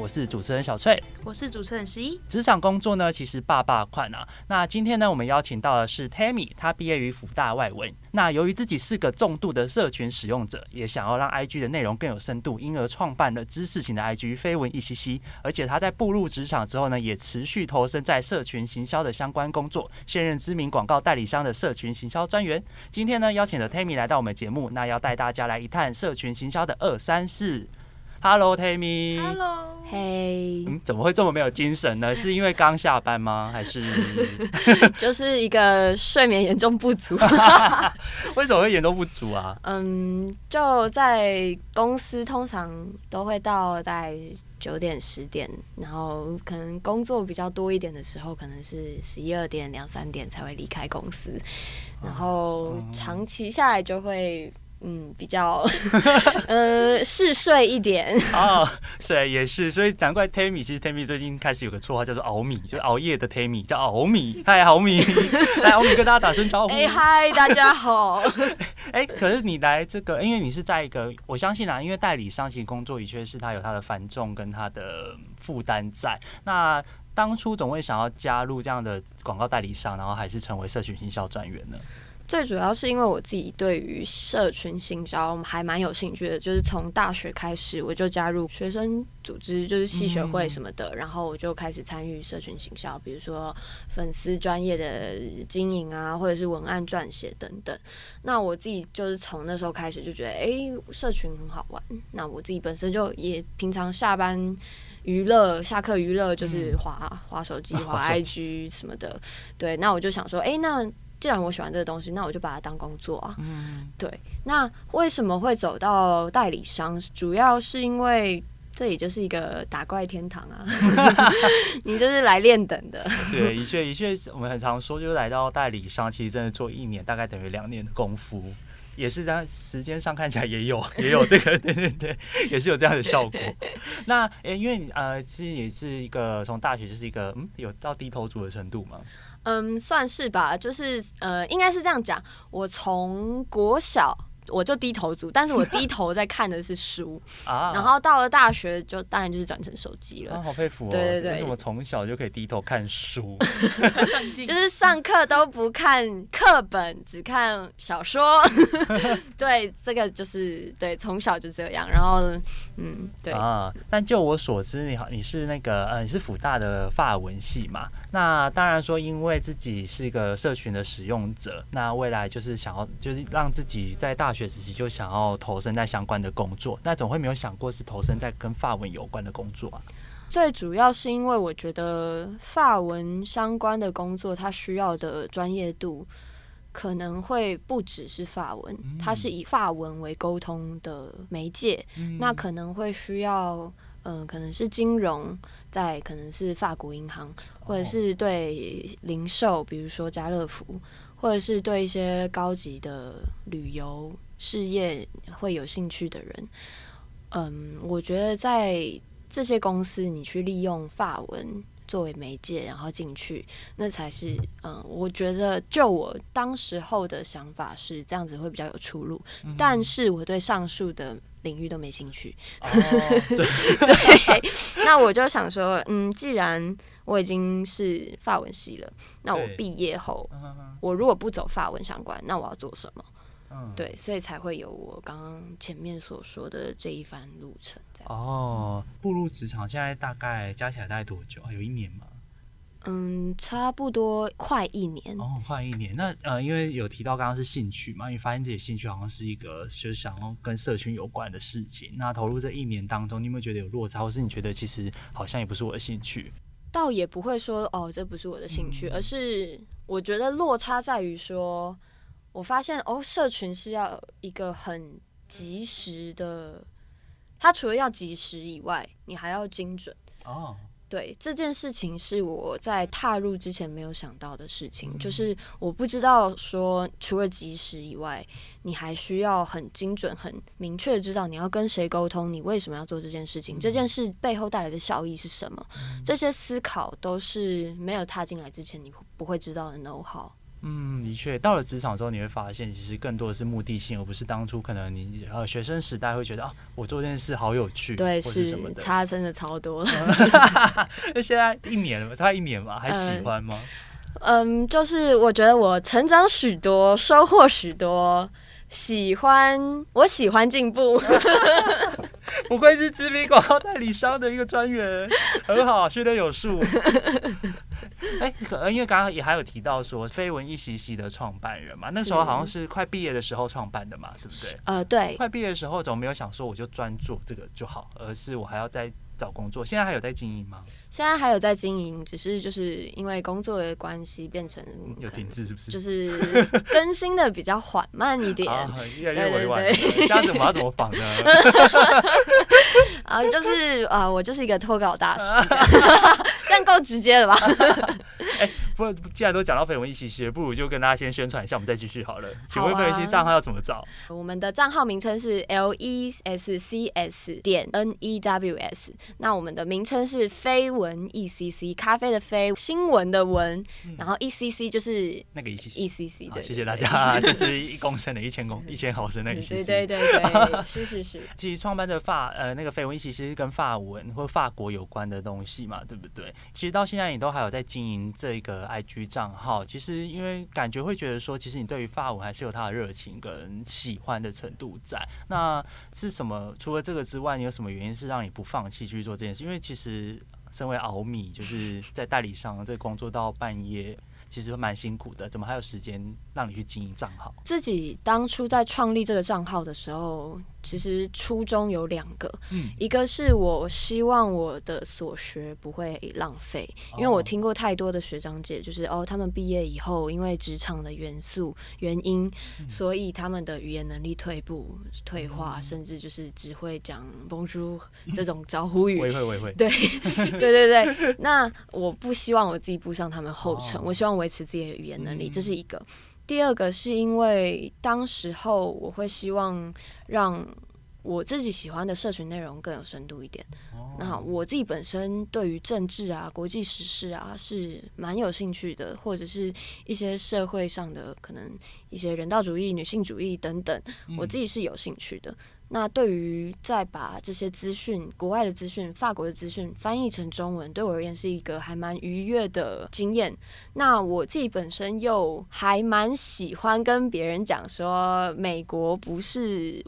我是主持人小翠，我是主持人十一。職場工作呢，其實爸爸快啊。那今天呢，我們邀請到的是 Tammy，他畢業於輔大外文。那由於自己是個重度的社群使用者，也想要讓 IG 的內容更有深度，因而創辦了知識型的 IG 啡聞 1cc。而且他在步入職場之後呢，也持續投身在社群行銷的相關工作，現任知名廣告代理商的社群行銷專員。今天呢，邀請了 Tammy 來到我們節目，那要帶大家來一探社群行銷的二三事。Hello，Tammy。Hello，嘿。Hello. Hey, 嗯，怎麼會這麼沒有精神呢？是因為剛下班嗎？ 還是 就是一個睡眠嚴重不足？ 為什麼會嚴重不足啊？嗯，就在公司，通常都會到大概九點十點，然後可能工作比較多一點的時候，可能是十一二點兩三點才會離開公司，然後長期下來就會。嗯，比較 呃，嗜睡一點啊、哦，是也是，所以難怪 Tammy 其實 Tammy 最近開始有個綽號叫做熬米，就是熬夜的 Tammy 叫熬米。嗨熬米， 來熬米跟大家打聲招呼。哎、欸、嗨，大家好，哎、 欸、可是你來這個，因為你是在一個我相信啊，因為代理商其實工作的確是他有他的繁重，跟他的負擔在。那當初總會想要加入這樣的廣告代理商，然後還是成為社群行銷專員呢？最主要是因為我自己對於社群行銷，還蠻有興趣的。就是從大學開始，我就加入學生組織，就是系學會什麼的，嗯、然後我就開始參與社群行銷，比如說粉絲專業的經營啊，或者是文案撰寫等等。那我自己就是從那時候開始就覺得，哎、欸，社群很好玩。那我自己本身就也平常下班娛樂、下課娛樂，就是滑、嗯、滑手機、滑 IG 什麼的。對，那我就想說，哎、欸，那。既然我喜歡這個東西，那我就把它當工作啊。嗯，對。那為什麼會走到代理商？主要是因為這也就是一個打怪天堂啊。 你就是來練等的。對，的確，的確，我們很常說，就是來到代理商，其實真的做一年，大概等於兩年的功夫，也是在時間上看起來也有，也有這個， 對對對，也是有這樣的效果。那誒、欸，因為你呃，其實你是一個從大學就是一個嗯，有到低頭族的程度嗎？嗯，算是吧，就是呃，應該是這樣講，我從國小。我就低頭族，但是我低頭在看的是書， 啊、然後到了大學就當然就是轉成手機了。啊、好佩服哦！對對對，為什麼從小就可以低頭看書？ 就是上課都不看課本，只看小說。對，這個就是對，從小就這樣。然後，嗯，對啊。但就我所知，你好，你是那個呃，你是輔大的法文系嘛？那當然說，因為自己是一個社群的使用者，那未來就是想要就是讓自己在大學。學時期就想要投身在相關的工作，那怎麼會沒有想過是投身在跟法文有關的工作啊。最主要是因為我覺得法文相關的工作，它需要的專業度可能會不只是法文，嗯、它是以法文為溝通的媒介，嗯、那可能會需要，嗯、呃，可能是金融，在可能是法國銀行，或者是對零售，哦、比如說家樂福，或者是對一些高級的旅遊。事業會有興趣的人，嗯，我覺得在這些公司，你去利用法文作為媒介，然後進去，那才是，嗯，我覺得就我當時候的想法是這樣子會比較有出路。嗯、哼但是我對上述的領域都沒興趣。哦、 對， 那我就想說，嗯，既然我已經是法文系了，那我畢業後，對我如果不走法文相關，那我要做什麼？嗯，對，所以才會有我剛剛前面所說的這一番路程在。哦，步入職場現在大概加起來大概多久啊？有一年嗎？嗯，差不多快一年。哦，快一年。那呃，因為有提到剛剛是興趣嘛，你發現自己興趣好像是一個就是想要跟社群有關的事情。那投入這一年當中，你有沒有覺得有落差，或是你覺得其實好像也不是我的興趣？倒也不會說哦，這不是我的興趣，嗯、而是我覺得落差在於說。我發現哦，社群是要一個很及時的。它除了要及時以外，你還要精準。哦。Oh. 對，這件事情是我在踏入之前沒有想到的事情，嗯、就是我不知道說，除了及時以外，你還需要很精準、很明確的知道你要跟誰溝通，你為什麼要做這件事情，嗯、這件事背後帶來的效益是什麼。嗯、這些思考都是沒有踏進來之前，你不會知道的 know-how。嗯，的確，到了職場之後，你會發現，其實更多的是目的性，而不是當初可能你呃學生時代會覺得啊，我做這件事好有趣，對，是，是什麼的差真的超多，那 現在一年了，差一年嘛，還喜歡嗎？嗯、呃呃，就是我覺得我成長許多，收穫許多，喜歡，我喜歡進步。 不愧是知名廣告代理商的一個專員， 很好，訓練有素。 哎，可、欸、因為剛剛也還有提到說，啡聞 1cc 的創辦人嘛，那時候好像是快畢業的時候創辦的嘛，是對不對？呃，對。快畢業的時候，總沒有想說我就專做這個就好，而是我還要再找工作。現在還有在經營嗎？現在還有在經營，只是就是因為工作的關係變成有停滯，是不是？就是更新的比較緩慢一點、 啊。越來越委婉，對對對對這樣子我要怎麼仿呢？ 啊，就是啊，我就是一個脫稿大師。夠直接了吧？ 欸不，既然都講到啡聞 1cc，不如就跟大家先宣傳一下，我們再繼續好了。好啊、請問啡聞 1cc 賬號要怎麼找？我們的賬號名稱是 l e s c s 點 n e w s。那我們的名稱是啡聞 1cc 咖啡的啡，新聞的聞，嗯、然後 1cc 就是那個 c、uh, 1cc。謝謝大家、啊，就是一公升的一千公一千毫升那個 c c。 對，對對對對， 是，是是是。其實創辦的法呃那個啡聞 1cc 是跟法文或法國有關的東西嘛，對不對？其實到現在也都還有在經營這個。IG 賬號其實，因為感覺會覺得說，其實你對於發文還是有他的熱情跟喜歡的程度在。那是什麼？除了這個之外，你有什麼原因是讓你不放棄去做這件事？因為其實身為奧美，就是在代理商這工作到半夜，其實蠻辛苦的。怎麼還有時間？讓你去經營賬號。自己當初在創立這個賬號的時候，其實初衷有兩個，一個是我希望我的所學不會浪費，因為我聽過太多的學長姐，就是哦，他們畢業以後因為職場的元素原因，所以他們的語言能力退步、退化，甚至就是只會講 Bonjour 這種招呼語。對，對，對，對。那我不希望我自己步上他們後塵，我希望維持自己的語言能力，這是一個。第二個是因為當時候我會希望讓我自己喜歡的社群內容更有深度一點。Oh. 那我自己本身對於政治啊、國際時事啊，是蠻有興趣的，或者是一些社會上的可能一些人道主義、女性主義等等，我自己是有興趣的。嗯。那對於在把這些資訊、國外的資訊、法國的資訊翻譯成中文，對我而言是一個還蠻愉悅的經驗。那我自己本身又還蠻喜歡跟別人講說，美國不是。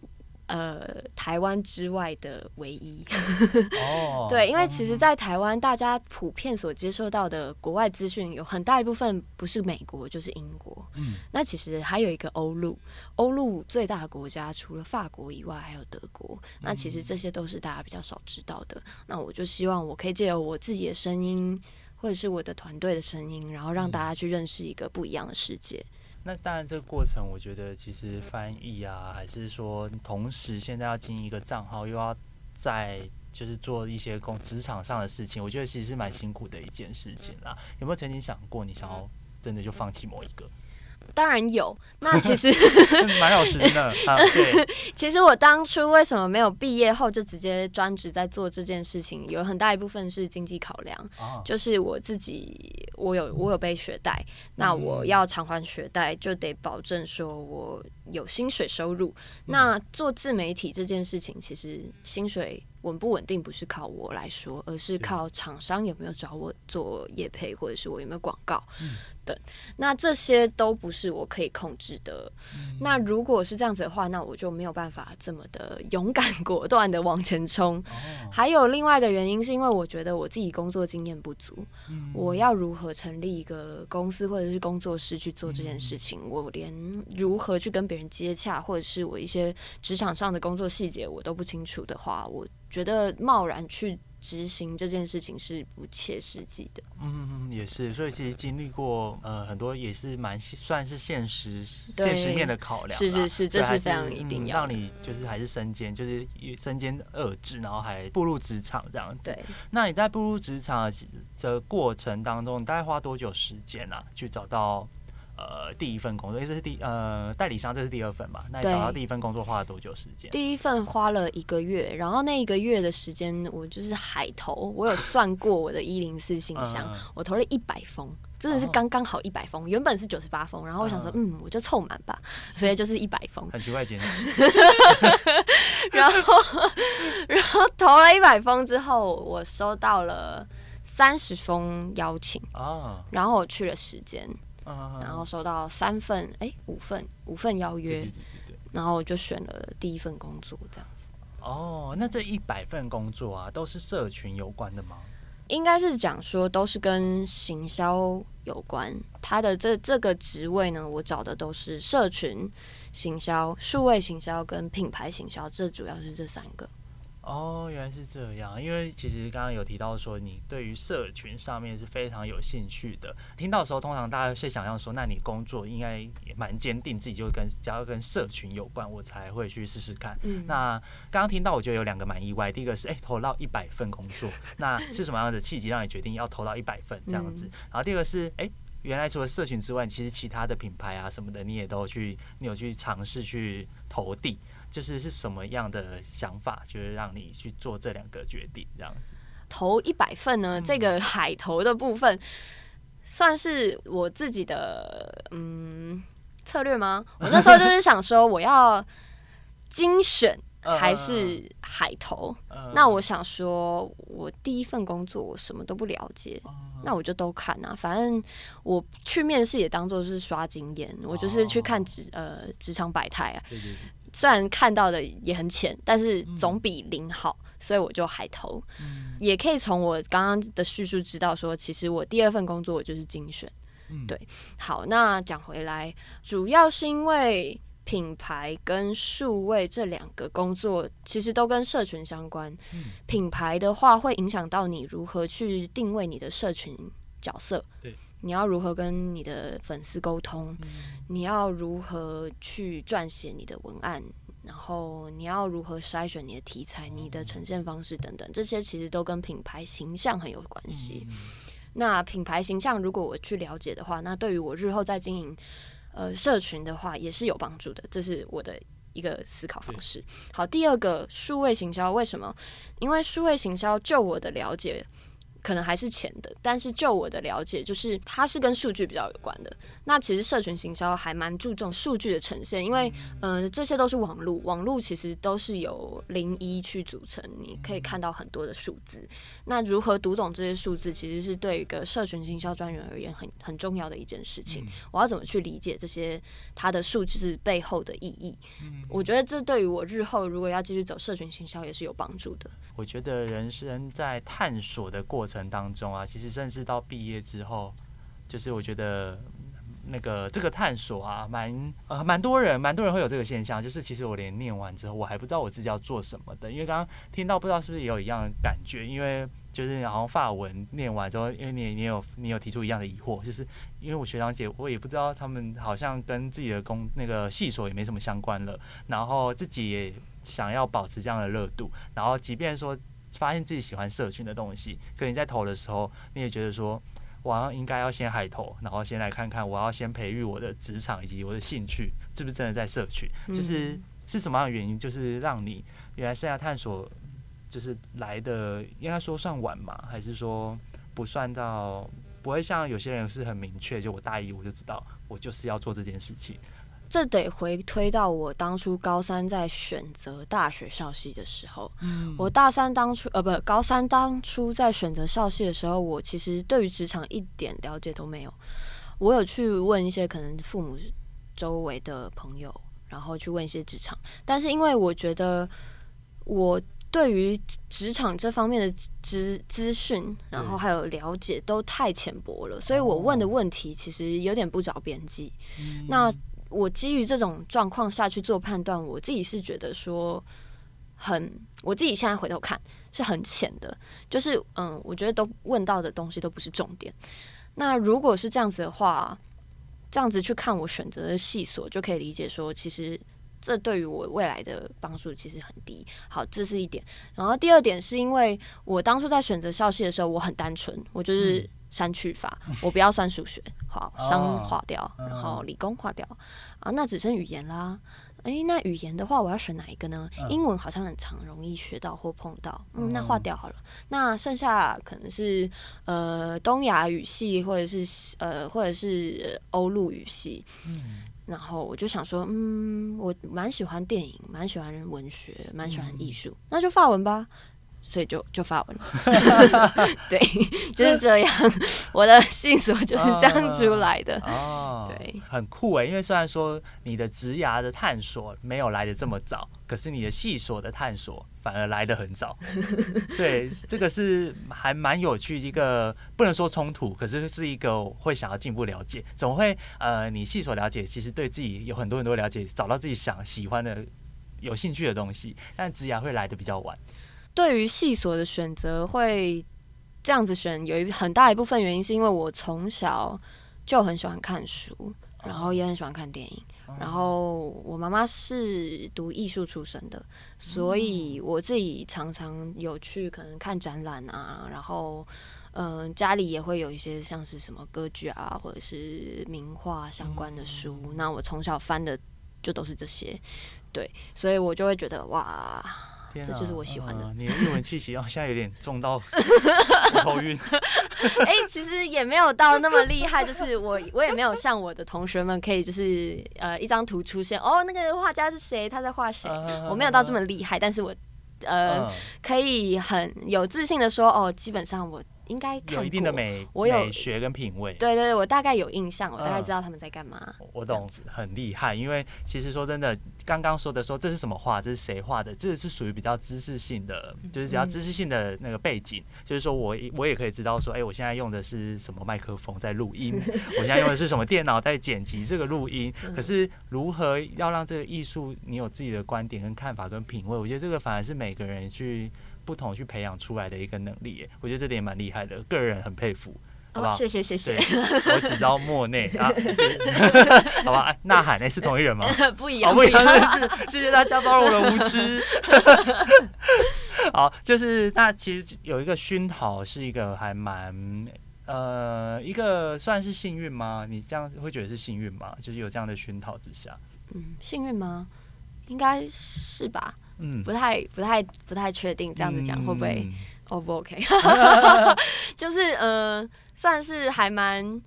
呃，台灣之外的唯一， oh, 對，因為其實，在台灣，嗯、大家普遍所接受到的國外資訊，有很大一部分不是美國就是英國。嗯、那其實還有一個歐陸，歐陸最大的國家除了法國以外，還有德國。嗯、那其實這些都是大家比較少知道的。那我就希望我可以借由我自己的聲音，或者是我的團隊的聲音，然後讓大家去認識一個不一樣的世界。嗯那當然，這個過程我覺得其實翻譯啊，還是說同時現在要經營一個賬號，又要再就是做一些工職場上的事情，我覺得其實是蠻辛苦的一件事情啦。有沒有曾經想過，你想要真的就放棄某一個？當然有，那其實蠻 時間的啊。對， Okay. 其實我當初為什麼沒有畢業後就直接專職在做這件事情，有很大一部分是經濟考量。啊、就是我自己，我有我有背學貸，嗯、那我要償還學貸，就得保證說我。有薪水收入，那做自媒體這件事情，其實薪水穩不穩定不是靠我來說，而是靠廠商有沒有找我做業配，或者是我有沒有廣告等、嗯，那這些都不是我可以控制的。嗯、那如果是這樣子的話，那我就沒有辦法這麼的勇敢果斷的往前衝。Oh. 還有另外一個原因，是因為我覺得我自己工作經驗不足，嗯、我要如何成立一個公司或者是工作室去做這件事情，嗯、我連如何去跟別人。接洽或者是我一些職場上的工作細節我都不清楚的話，我覺得貿然去執行這件事情是不切實際的。嗯，也是，所以其實經歷過呃很多也是蠻算是現實對現實面的考量，是是是，這是非常一定要的是，嗯、讓你就是還是身兼就是身兼二職，然後還步入職場這樣子。對那你在步入職場的過程當中，你大概花多久時間啊？去找到？呃，第一份工作，欸、這是第呃代理商，這是第二份吧？那你找到第一份工作花了多久時間？第一份花了一個月，然後那一個月的時間，我就是海投。我有算過我的一零四信箱，嗯、我投了一百封，真的是剛剛好一百封。哦、原本是九十八封，然後我想說，嗯，嗯，我就湊滿吧，所以就是一百封。很奇怪，堅持 然後，然後投了一百封之後，我收到了三十封邀請，然後我去了時間。然後收到三份哎、欸，五份五份邀約，然後我就選了第一份工作這樣子。哦，那這一百份工作啊，都是社群有關的嗎？應該是講說都是跟行銷有關。他的這這個職位呢，我找的都是社群行銷、數位行銷跟品牌行銷，這主要是這三個。哦，原來是這樣。因為其實剛剛有提到說，你對於社群上面是非常有興趣的。聽到的時候，通常大家是想象說，那你工作應該也蠻堅定，自己就跟只要跟社群有關，我才會去試試看。嗯、那剛剛聽到，我覺得有兩個蠻意外。第一個是，誒、欸，投到一百份工作， 那是什麼樣的契機讓你決定要投到一百份這樣子？嗯、然後第二個是，誒、欸，原來除了社群之外，其實其他的品牌啊什麼的，你也都去，你有去嘗試去投遞。就是是什麼樣的想法，就是讓你去做這兩個決定，這樣子投一百份呢？這個海投的部分，嗯、算是我自己的嗯策略嗎？我那時候就是想說，我要精選還是海投？ 呃呃呃、那我想說，我第一份工作我什麼都不了解，呃、那我就都看啊。反正我去面試也當做是刷經驗，我就是去看職、哦、呃職場百態啊。對對對雖然看到的也很淺，但是總比零好，嗯、所以我就還投。嗯、也可以從我剛剛的敘述知道說，說其實我第二份工作我就是精選。嗯、對，好，那講回來，主要是因為品牌跟數位這兩個工作，其實都跟社群相關。嗯、品牌的話，會影響到你如何去定位你的社群角色。對。你要如何跟你的粉絲溝通？嗯、你要如何去撰寫你的文案？然後你要如何篩選你的題材，嗯、你的呈現方式等等，這些其實都跟品牌形象很有關係。嗯嗯、那品牌形象如果我去了解的話，那對於我日後再經營呃社群的話也是有幫助的。這是我的一個思考方式。對好，第二個，數位行銷，為什麼？因為數位行銷就我的了解。可能還是淺的，但是就我的了解，就是它是跟數據比較有關的。那其實社群行銷還蠻注重數據的呈現，因為嗯、呃，這些都是網路，網路其實都是由零一去組成，你可以看到很多的數字。那如何讀懂這些數字，其實是對一個社群行銷專員而言很很重要的一件事情。我要怎麼去理解這些它的數字背後的意義？我覺得這對於我日後如果要繼續走社群行銷也是有幫助的。我覺得人生在探索的過程程當中啊，其實甚至到畢業之後，就是我覺得那個這個探索啊，蠻呃蠻多人蠻多人會有這個現象，就是其實我連念完之後，我還不知道我自己要做什麼的。因為剛剛聽到，不知道是不是也有一樣的感覺，因為就是好像法文念完之後，因為你你有你有提出一樣的疑惑，就是因為我學長姐，我也不知道他們好像跟自己的工那個系所也沒什麼相關了，然後自己也想要保持這樣的熱度，然後即便說。發現自己喜歡社群的東西，可你在投的時候，你也覺得說，我要應該要先海投，然後先來看看，我要先培育我的職場以及我的興趣，是不是真的在社群？就是是什麼樣的原因，就是讓你原來生涯探索，就是來的應該說算晚嘛，還是說不算到，不會像有些人是很明確，就我大一我就知道我就是要做這件事情。這得回推到我當初高三在選擇大學校系的時候，嗯、我大三當初呃，不，高三當初在選擇校系的時候，我其實對於職場一點了解都沒有。我有去問一些可能父母周圍的朋友，然後去問一些職場，但是因為我覺得我對於職場這方面的資資訊，然後還有了解都太淺薄了，對所以我問的問題其實有點不着邊際。嗯、那我基於這種狀況下去做判斷，我自己是覺得說很，我自己現在回頭看是很淺的，就是嗯，我覺得都問到的東西都不是重點。那如果是這樣子的話，這樣子去看我選擇的系所，就可以理解說，其實這對於我未來的幫助其實很低。好，這是一點。然後第二點是因為我當初在選擇校系的時候，我很單純，我就是。嗯刪去法，我不要算數學，好，商劃掉，哦、然後理工劃掉，啊，那只剩語言啦。誒，那語言的話，我要選哪一個呢？英文好像很常容易學到或碰到，嗯，那劃掉好了。那剩下可能是呃東亞語系，或者是呃或者是、呃、歐陸語系，嗯，然後我就想說，嗯，我蠻喜歡電影，蠻喜歡文學，蠻喜歡藝術，嗯、那就法文吧。所以就就發文了，， 對， 就是這樣。 我的系所就是這樣出來的哦，哦對，很酷哎、欸。因為雖然說你的職涯的探索沒有來得這麼早，可是你的系所的探索反而來得很早。 對，這個是還蠻有趣一個，不能說衝突，可是是一個會想要進一步了解。總會呃，你系所了解，其實對自己有很多很多了解，找到自己想喜歡的、有興趣的東西，但職涯會來得比較晚。對於系所的選擇會這樣子選，有一很大一部分原因是因為我從小就很喜歡看書，然後也很喜歡看電影。然後我媽媽是讀藝術出身的，所以我自己常常有去可能看展覽啊，然後嗯、呃，家裡也會有一些像是什麼歌劇啊，或者是名畫相關的書。那我從小翻的就都是這些，對，所以我就會覺得哇。這就是我喜歡的。你的英文氣息哦，現在有點重到頭暈。哎，其實也沒有到那麼厲害，就是我，我也沒有像我的同學們可以，就是呃，一張圖出現，哦，那個畫家是誰？他在畫誰？我沒有到這麼厲害，但是我呃，可以很有自信的說，哦，基本上我應該看一定的美，我有美學跟品味。對對對，我大概有印象，我大概知道他們在幹嘛。我懂，很厲害，因為其實說真的。剛剛說的說這是什麼畫？這是誰畫的？這是屬於比較知識性的，就是比較知識性的那個背景，嗯、就是說我我也可以知道說，哎、欸，我現在用的是什麼麥克風在錄音， 我現在用的是什麼電腦在剪輯這個錄音。可是如何要讓這個藝術，你有自己的觀點跟看法跟品味？我覺得這個反而是每個人去不同去培養出來的一個能力。我覺得這點蠻厲害的，個人很佩服。好吧、哦，謝謝謝謝。我只知道莫內呵呵 啊，呵呵好吧。哎、呃，吶喊那是同一人嗎？不一樣，不一樣。謝謝大家包容我的無知。呵呵 好，就是那其實有一個熏陶，是一個還蠻呃，一個算是幸運嗎？你這樣會覺得是幸運嗎？就是有這樣的熏陶之下，嗯，幸運嗎？應該是吧。嗯、不太不太不太確定，這樣子講、嗯、會不會 O、哦、不 OK？、啊、 就是嗯。呃算是還蠻，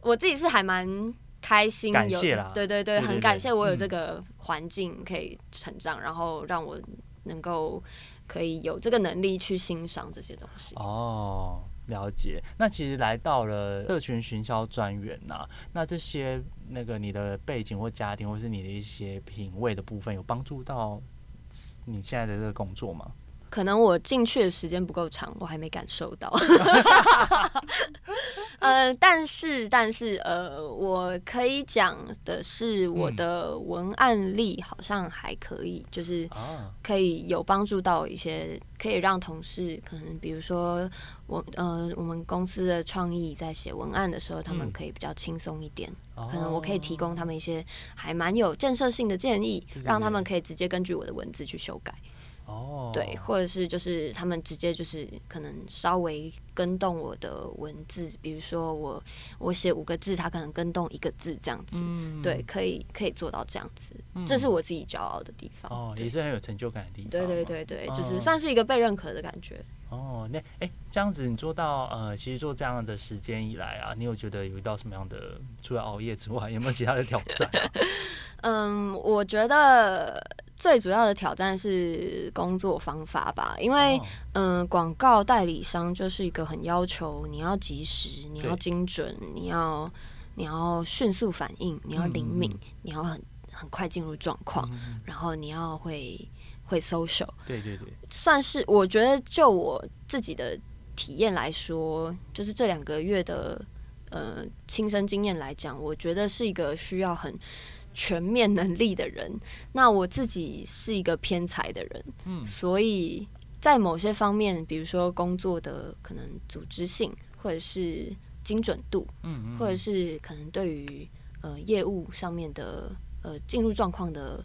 我自己是還蠻開心。感謝啦，對對對，很感謝我有這個環境可以成長，然後讓我能夠可以有這個能力去欣賞這些東西。哦，了解。那其實來到了社群行銷專員吶、啊，那這些那個你的背景或家庭或是你的一些品味的部分，有幫助到你現在的這個工作嗎？可能我進去的時間不夠長，我還沒感受到。 呃，但是，但是，呃，我可以講的是，我的文案力好像還可以，嗯、就是可以有幫助到一些，啊、可以讓同事可能，比如說我，呃，我們公司的創意在寫文案的時候，嗯、他們可以比較輕鬆一點。嗯、可能我可以提供他們一些還蠻有建設性的建議，嗯、讓他們可以直接根據我的文字去修改。哦，oh. 對，或者是就是他們直接就是可能稍微跟動我的文字，比如說我我寫五個字，他可能跟動一個字這樣子，嗯、對，可以可以做到這樣子，嗯、這是我自己驕傲的地方，哦、oh, 對，也是很有成就感的地方，對對對對，就是算是一個被認可的感覺。哦，那哎，這樣子你做到呃，其實做這樣的時間以來啊，你有覺得有遇到什麼樣的除了熬夜之外，有沒有其他的挑戰、啊？ 嗯，我覺得。最主要的挑戰是工作方法吧，因為嗯，哦、呃、廣告代理商就是一個很要求你要及時，你要精準，對，你要你要迅速反應，你要靈敏，嗯、你要很很快進入狀況，嗯、然後你要會會 social，對對對，算是我覺得就我自己的體驗來說，就是這兩個月的呃親身經驗來講，我覺得是一個需要很。全面能力的人，那我自己是一個偏才的人，嗯，所以在某些方面，比如說工作的可能組織性，或者是精準度，嗯嗯嗯，或者是可能對於呃業務上面的呃進入狀況的。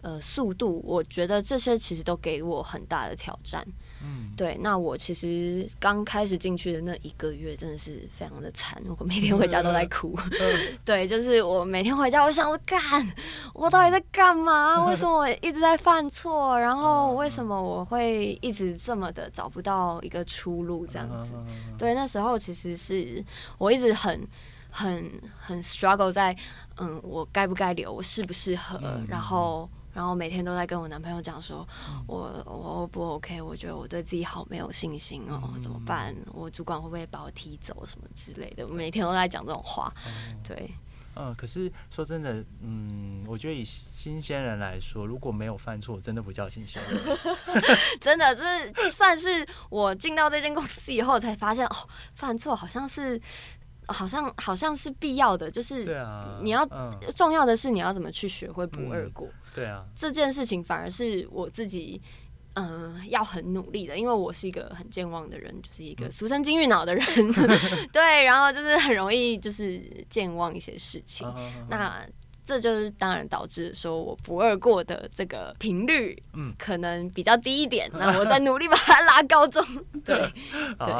呃，速度，我覺得這些其實都給我很大的挑戰。嗯，對。那我其實剛開始進去的那一個月，真的是非常的慘。我每天回家都在哭。嗯、 對，就是我每天回家我，我想我幹，我到底在幹嘛？為什麼我一直在犯錯？嗯、然後為什麼我會一直這麼的找不到一個出路？這樣子。嗯、對，那時候其實是我一直很、很、很 struggle 在，嗯，我該不該留？我適不適合？嗯、然後。然後每天都在跟我男朋友講說，說我我不 OK，我覺得我對自己好沒有信心哦，怎麼辦？我主管會不會把我踢走什麼之類的？每天都在講這種話，嗯、對。嗯，可是說真的，嗯，我覺得以新鮮人來說，如果沒有犯錯，真的不叫新鮮人。 真的就是算是我進到這間公司以後才發現，哦，犯錯好像是好像好像是必要的，就是你要，啊嗯，重要的是你要怎麼去學會不二過。嗯對啊，這件事情反而是我自己，嗯、呃，要很努力的，因為我是一個很健忘的人，就是一個俗稱“金魚腦”的人，嗯、 對，然後就是很容易就是健忘一些事情，啊、那這就是當然導致說我不二過的這個頻率，嗯，可能比較低一點，那、嗯、我在努力把它拉高中， 對，對。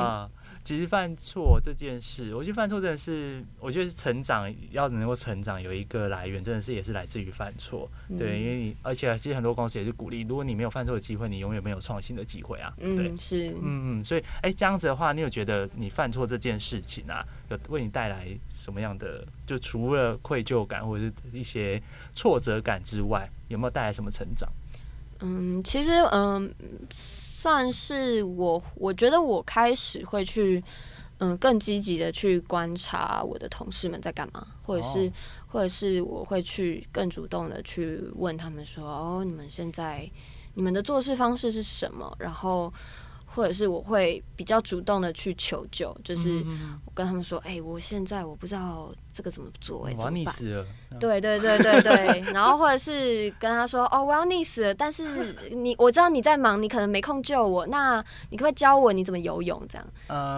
其實犯錯這件事，我覺得犯錯這件事，我覺得成長要能夠成長有一個來源，真的是也是來自於犯錯。嗯、對，因為你而且其實很多公司也是鼓勵，如果你沒有犯錯的機會，你永遠沒有創新的機會啊。嗯、對，是，嗯，所以，哎、欸，這樣子的話，你有覺得你犯錯這件事情啊，有為你帶來什麼樣的？就除了愧疚感或者是一些挫折感之外，有沒有帶來什麼成長？嗯，其實，嗯。算是我，我覺得我開始會去，嗯、呃，更積極的去觀察我的同事們在幹嘛，或者是，Oh. 或者是我會去更主動的去問他們說：“哦，你們現在你們的做事方式是什麼？”然後。或者是我會比較主動的去求救，就是我跟他們說，哎、嗯嗯嗯欸，我現在我不知道這個怎麼做、欸，哎，我要溺死了，怎麼辦？，對對對對對,對,對， 然後或者是跟他說，哦，我要溺死了，但是你我知道你在忙，你可能沒空救我， 那你可不可以教我你怎麼游泳？這樣，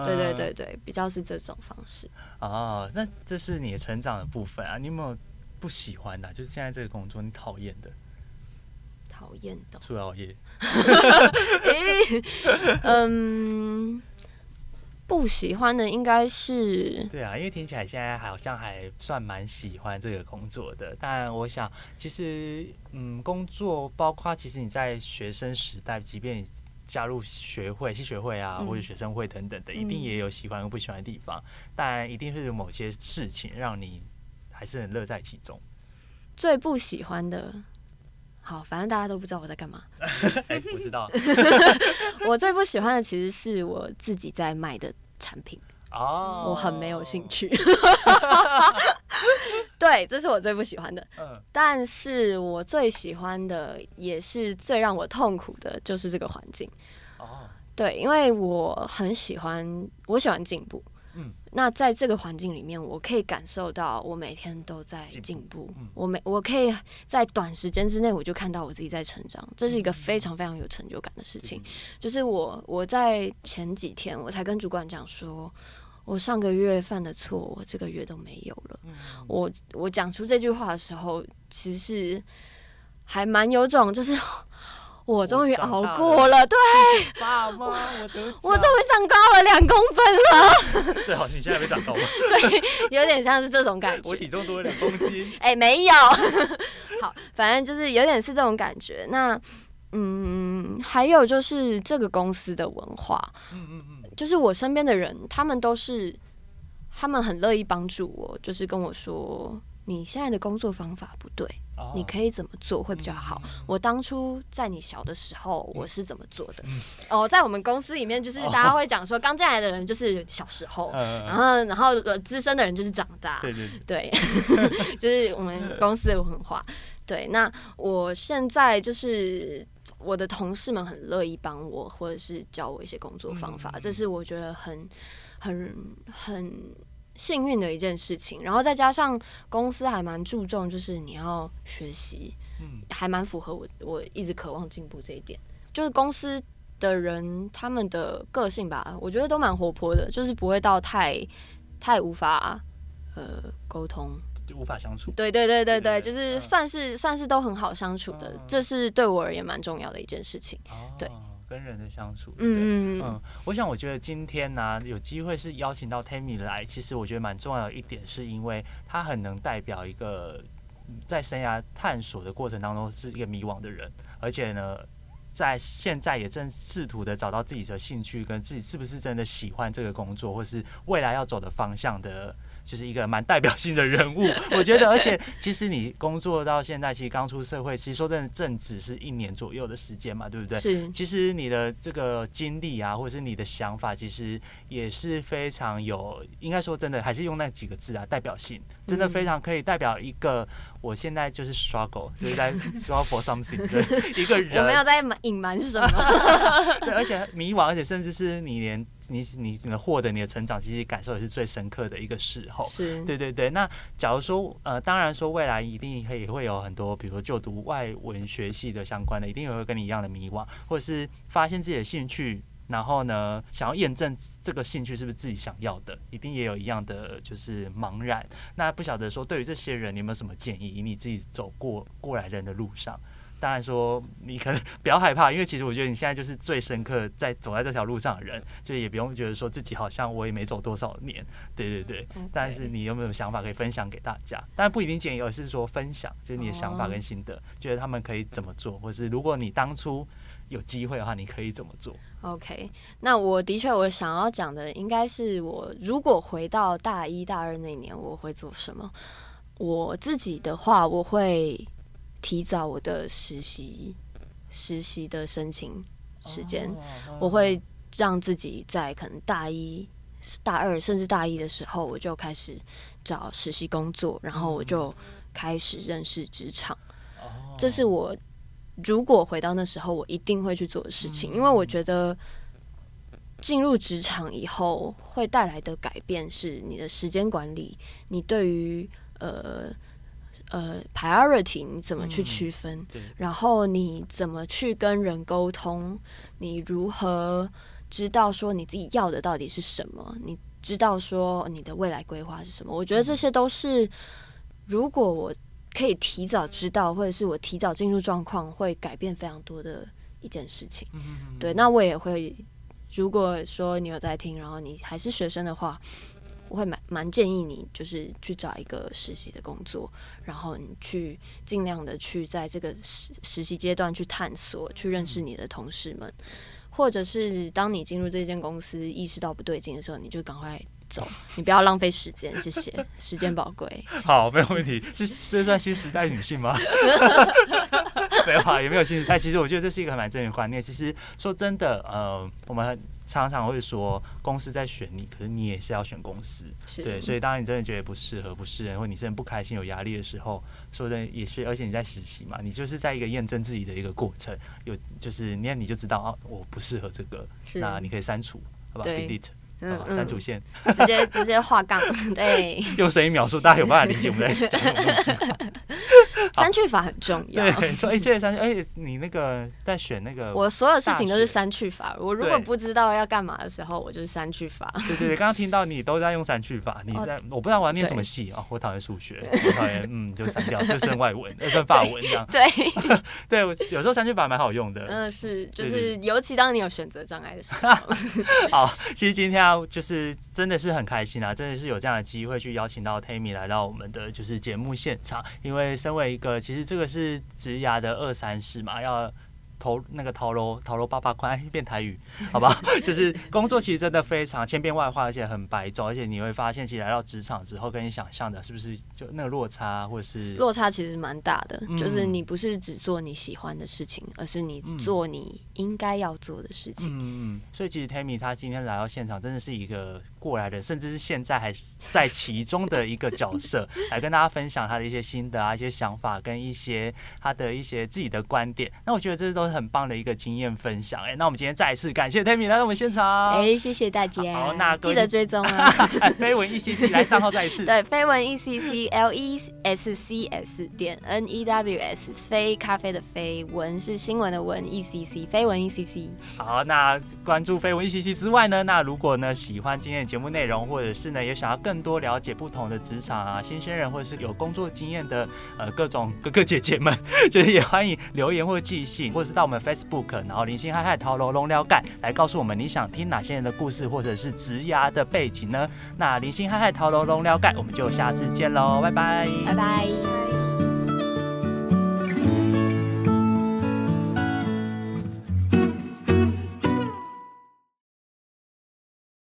對、呃、對對對，比較是這種方式。哦，那這是你成長的部分啊，你有沒有不喜歡的、啊？就是現在這個工作你討厭的？討厭的，除了熬夜、 欸。嗯，不喜歡的應該是，對啊，因為聽起來現在好像還算蠻喜歡這個工作的。但我想，其實嗯，工作包括其實你在學生時代，即便你加入學會、系學會啊，嗯、或者學生會等等的，一定也有喜歡和不喜歡的地方。嗯、但一定是有某些事情讓你還是很樂在其中。最不喜歡的。好，反正大家都不知道我在幹嘛。欸、不知道， 我最不喜歡的其實是我自己在賣的產品。哦，oh. 我很沒有興趣。 對，這是我最不喜歡的。Uh. 但是我最喜歡的也是最讓我痛苦的，就是這個環境。哦，oh. 對，因為我很喜歡，我喜歡進步。嗯，那在這個環境裡面，我可以感受到我每天都在進步。我每我可以在短時間之內，我就看到我自己在成長，這是一個非常非常有成就感的事情。就是我我在前幾天，我才跟主管講說，我上個月犯的錯，我這個月都沒有了。我我講出這句話的時候，其實還蠻有種就是。我終於熬過了，我了對，爸媽我，我，我終於長高了兩公分了。 最好是你現在沒長高嗎？ 對，有點像是這種感覺。我體重多了兩公斤。哎、 欸，沒有， 好，反正就是有點是這種感覺。那嗯，還有就是這個公司的文化，嗯，嗯嗯，就是我身邊的人，他們都是，他們很樂意幫助我，就是跟我說。你現在的工作方法不對，oh, 你可以怎麼做會比較好？嗯、我當初在你小的時候，嗯、我是怎麼做的？哦、嗯，oh, 在我們公司裡面，就是大家會講說，剛進來的人就是小時候，oh, 然後、uh, 然後資深的人就是長大，對對，對，對 就是我們公司的文化。對，那我現在就是我的同事們很樂意幫我，或者是教我一些工作方法，嗯、這是我覺得很很很。很幸運的一件事情，然後再加上公司還蠻注重，就是你要學習，嗯、還蠻符合我我一直渴望進步這一點。就是公司的人他們的個性吧，我覺得都蠻活潑的，就是不會到太太無法呃溝通，無法相處。對對對對對，對對對就是算是、啊、算是都很好相處的，啊、這是對我而言蠻重要的一件事情。啊、對。跟人的相處，嗯嗯嗯，我想我覺得今天呢、啊、有機會是邀請到 Tammy 來，其實我覺得蠻重要的一點，是因為他很能代表一個在生涯探索的過程當中是一個迷惘的人，而且呢，在現在也正試圖的找到自己的興趣跟自己是不是真的喜歡這個工作，或是未來要走的方向的。就是一個蠻代表性的人物，我覺得，而且其實你工作到現在，其實剛出社會，其實說真的，正職是一年左右的時間嘛，對不對？是。其實你的這個經歷啊，或者是你的想法，其實也是非常有，應該說真的，還是用那幾個字啊，代表性，真的非常可以代表一個我現在就是 struggle，就是在 struggle for something 的一個人。 我沒有在隱瞞什麼。 對，而且迷惘，而且甚至是你連。你你獲得你的成長，其實感受也是最深刻的一個時候。是，對對對。那假如說，呃，當然說未來一定可以也會有很多，比如說就讀外文學系的相關的，一定也會跟你一樣的迷惘，或者是發現自己的興趣，然後呢，想要驗證這個興趣是不是自己想要的，一定也有一樣的就是茫然。那不曉得說，對於這些人，你有沒有什麼建議？以你自己走過過來人的路上。當然說你可能不要害怕，因為其實我覺得你現在就是最深刻在走在這條路上的人，就也不用覺得說自己好像我也沒走多少年，對對對。嗯 okay。但是你有沒有想法可以分享給大家？但不一定建議，而是說分享，就是你的想法跟心得，哦，覺得他們可以怎麼做，或是如果你當初有機會的話，你可以怎麼做？OK，那我的確我想要講的應該是我如果回到大一大二那年我會做什麼。我自己的話我會。提早我的實習，實習的申請時間，oh, oh. Oh, oh. 我會讓自己在可能大一、大二甚至大一的時候，我就開始找實習工作，mm. 然後我就開始認識職場。Oh. Oh. 這是我如果回到那時候，我一定會去做的事情，oh. Oh. 因為我覺得進入職場以後會帶來的改變是你的時間管理，你對於呃。呃，priority 你怎麼去區分？嗯、然後你怎麼去跟人溝通？你如何知道說你自己要的到底是什麼？你知道說你的未來規劃是什麼？我覺得這些都是，如果我可以提早知道，或者是我提早進入狀況，會改變非常多的一件事情。嗯、對，那我也會，如果說你有在聽，然後你還是學生的話，我會蠻蠻建議你，就是去找一個實習的工作，然後你去儘量的去在這個實實習階段去探索，去認識你的同事們，或者是當你進入這間公司意識到不對勁的時候，你就趕快走，你不要浪費時間，謝謝， 時間寶貴。好，沒有問題，是這算新時代女性嗎？ 沒有啊，也沒有新時代。其實我覺得這是一個很蠻正的觀念。其實說真的，呃，我們很。常常會說，公司在選你，可是你也是要選公司，對，是所以當你真的覺得不適合，不適合或者你真的不開心、有壓力的時候，說真的也是。而且你在實習嘛，你就是在一個驗證自己的一個過程，有就是你看你就知道啊，我不適合這個，是那你可以刪除，好吧，delete 對嗯，刪除線，直接直接畫槓，對。用聲音描述，大家有辦法理解不？對，在刪去法很重要。對，說，哎，這些刪去，哎，你那個在選那個，我所有事情都是刪去法。我如果不知道要幹嘛的時候，我就是刪去法。對對對，剛剛聽到你都在用刪去法，你在，我不知道我要念什麼系啊，我討厭數學，我討厭，嗯，就刪掉，就剩外文，就剩法文這樣。對，對，有時候刪去法蠻好用的。嗯，是，就是尤其當你有選擇障礙的時候。好，其實今天。啊、就是真的是很開心啊，真的是有這樣的機會去邀請到 Tammy 來到我們的就是節目現場，因為身為一個其實這個是職涯的二三事嘛，要。頭那個頭樓，頭樓，爸爸，快變台語，好吧？ 就是工作其實真的非常千變萬化，而且很白晝，而且你會發現，其實來到職場之後，跟你想象的是不是就那個落差，或者是落差其實蠻大的，嗯、就是你不是只做你喜歡的事情，嗯、而是你做你應該要做的事情。嗯所以其實 Tammy 她今天來到現場，真的是一個。過來的，甚至是現在還在其中的一個角色， 來跟大家分享他的一些心得啊、一些想法跟一些他的一些自己的觀點。那我覺得這都是很棒的一個經驗分享。哎，那我們今天再一次感謝 t i m y 來到我們現場。哎、欸，謝謝大家。好，那記得追蹤啊。飛、啊 哎、文 ECC 來賬號再一次。 對，飛文 ECC L E S, S C S 點 N E W S 非咖啡的非，文是新聞的文 ECC 飛文 ECC。好，那關注飛文 ECC 之外呢？那如果呢喜歡今天節目內容，或者是呢，也想要更多了解不同的職場啊，新鮮人或者是有工作經驗的呃各種哥哥姐姐們，就是也歡迎留言或者寄信，或者是到我們 Facebook，然後零星嗨嗨桃龍龍聊蓋來告訴我們你想聽哪些人的故事，或者是職涯的背景呢？那零星嗨嗨桃龍龍聊蓋，我們就下次見嘍，拜拜，拜拜。